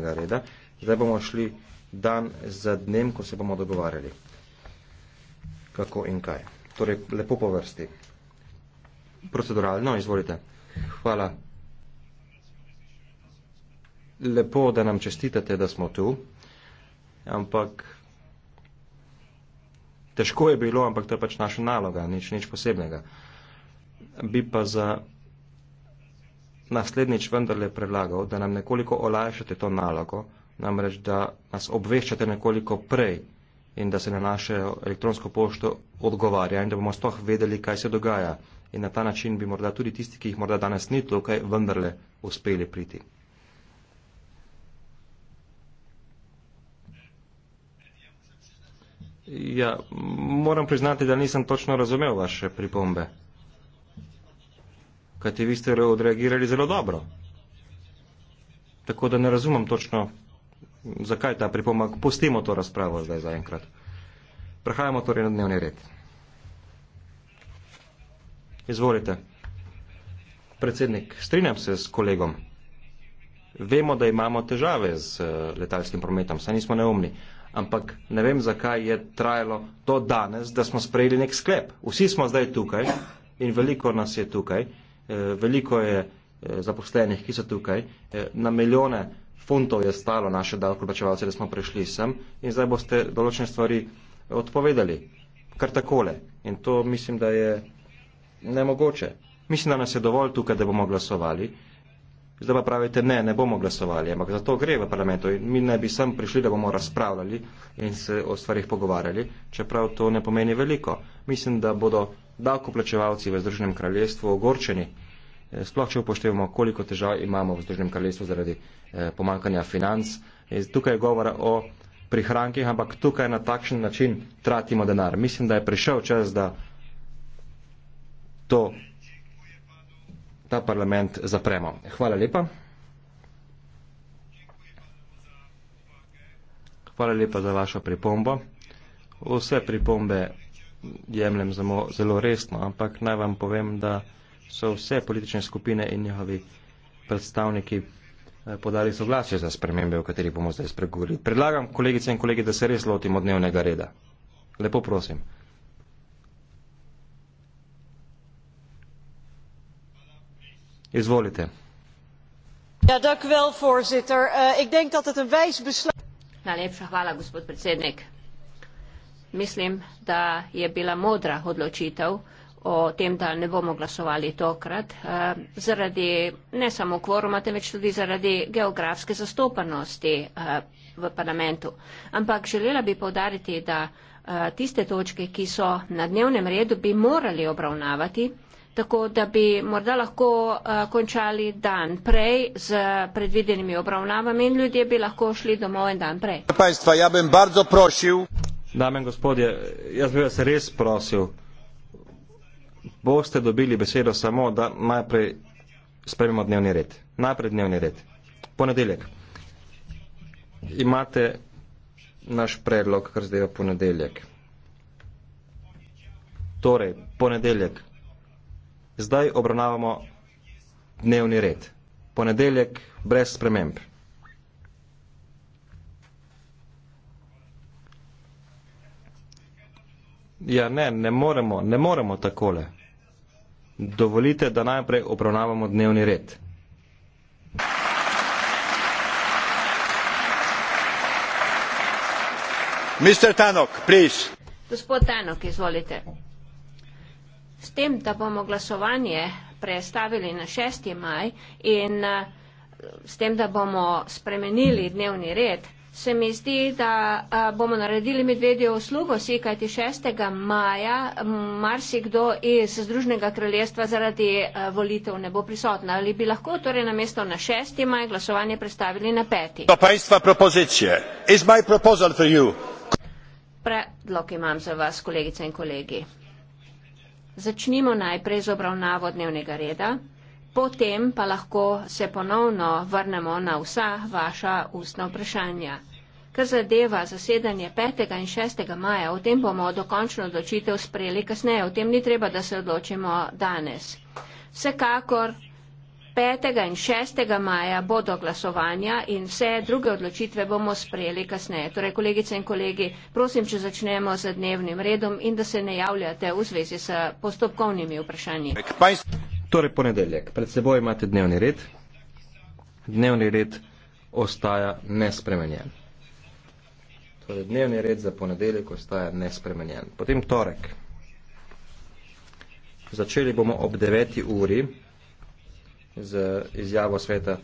dnevnega reda. Zdaj bomo šli dan za dnem, ko se bomo dogovarjali, kako in kaj. Torej, lepo po vrsti. Proceduralno, izvolite. Hvala. Lepo, da nam čestitate, da smo tu, ampak težko je bilo, ampak to je pač naša naloga, nič, nič posebnega. Bi pa za naslednjič vendarle predlagal, da nam nekoliko olajšate to nalogo, namreč da nas obveščate nekoliko prej in da se na naše elektronsko pošto odgovarja in da bomo sploh vedeli, kaj se dogaja. In na ta način bi morda tudi tisti, ki jih morda danes ni tukaj, vendarle uspeli priti. Ja, moram priznati, da nisem točno razumel vaše pripombe kajte vi ste odreagirali zelo dobro. Tako da ne razumem točno, zakaj ta pripomak. Pustimo to razpravo zdaj zaenkrat. Prehajamo torej na dnevni red. Izvolite. Predsednik, strinjam se s kolegom. Vemo, da imamo težave z eh, letalskim prometom, saj nismo neumni. Ampak ne vem, zakaj je trajalo do danes, da smo sprejeli nek sklep. Vsi smo zdaj tukaj in veliko nas je tukaj. Eh, veliko je eh, zaposlenih, ki so tukaj, eh, na milijone funtov je stalo naše davkoplačevalce, da smo prišli sem in zdaj boste določene stvari odpovedali. Kar takole. In to mislim, da je nemogoče. Mislim, da nas je dovolj tukaj, da bomo glasovali. Zdaj pa pravite, ne, ne bomo glasovali, ampak za to gre v parlamentu in mi ne bi sem prišli, da bomo razpravljali in se o stvarih pogovarjali, čeprav to ne pomeni veliko. Mislim, da bodo davkoplačevalci v Združenem kraljestvu ogorčeni, eh, sploh če upoštevamo, koliko težav imamo v Združenem kraljestvu zaradi eh, pomankanja financ. Tukaj je govora o prihrankih, ampak tukaj na takšen način tratimo denar. Mislim, da je prišel čas, da to, ta parlament zapremo. Hvala lepa. Hvala lepa za vašo pripombo. Vse pripombe jemljem zelo, zelo resno, ampak naj vam povem, da so vse politične skupine in njihovi predstavniki eh, podali soglasje za spremembe, o katerih bomo zdaj spregovorili. Predlagam kolegice in kolegi, da se res lotimo dnevnega reda. Lepo prosim. Izvolite. Ja, dank wel, voorzitter. Uh, ik denk dat het een wijs besluit. Najlepša hvala, gospod predsednik mislim, da je bila modra odločitev o tem, da ne bomo glasovali tokrat, eh, zaradi ne samo kvoruma, temveč tudi zaradi geografske zastopanosti eh, v parlamentu. Ampak želela bi povdariti, da eh, tiste točke, ki so na dnevnem redu, bi morali obravnavati, tako da bi morda lahko eh, končali dan prej z predvidenimi obravnavami in ljudje bi lahko šli domov en dan prej. Hvala, ja bi vam bardzo prosil. Dame in gospodje, jaz bi vas res prosil, boste dobili besedo samo, da najprej spremimo dnevni red. Najprej dnevni red. Ponedeljek. Imate naš predlog, kar zdaj je ponedeljek. Torej, ponedeljek. Zdaj obravnavamo dnevni red. Ponedeljek brez sprememb. Ja, ne, ne moremo, ne moremo takole. Dovolite, da najprej obravnavamo dnevni red. Mr. Tanok, please. Gospod Tanok, izvolite. S tem, da bomo glasovanje prestavili na 6. maj in eh, s tem, da bomo spremenili dnevni red, se mi zdi, da a, bomo naredili medvedjo uslugo, si kajti 6. maja marsikdo iz Združnega kraljestva zaradi a, volitev ne bo prisotna. Ali bi lahko torej na mesto na 6. maj glasovanje predstavili na 5. Predlog imam za vas, kolegice in kolegi. Začnimo najprej z obravnavo dnevnega reda potem pa lahko se ponovno vrnemo na vsa vaša ustna vprašanja. Kar zadeva zasedanje 5. in 6. maja, o tem bomo dokončno odločitev sprejeli kasneje, o tem ni treba, da se odločimo danes. Vsekakor 5. in 6. maja bodo glasovanja in vse druge odločitve bomo sprejeli kasneje. Torej, kolegice in kolegi, prosim, če začnemo z dnevnim redom in da se ne javljate v zvezi s postopkovnimi vprašanji. Ek, Torej ponedeljek. Pred seboj imate dnevni red. Dnevni red ostaja nespremenjen. Torej dnevni red za ponedeljek ostaja nespremenjen. Potem torek. Začeli bomo ob 9. uri z izjavo sveta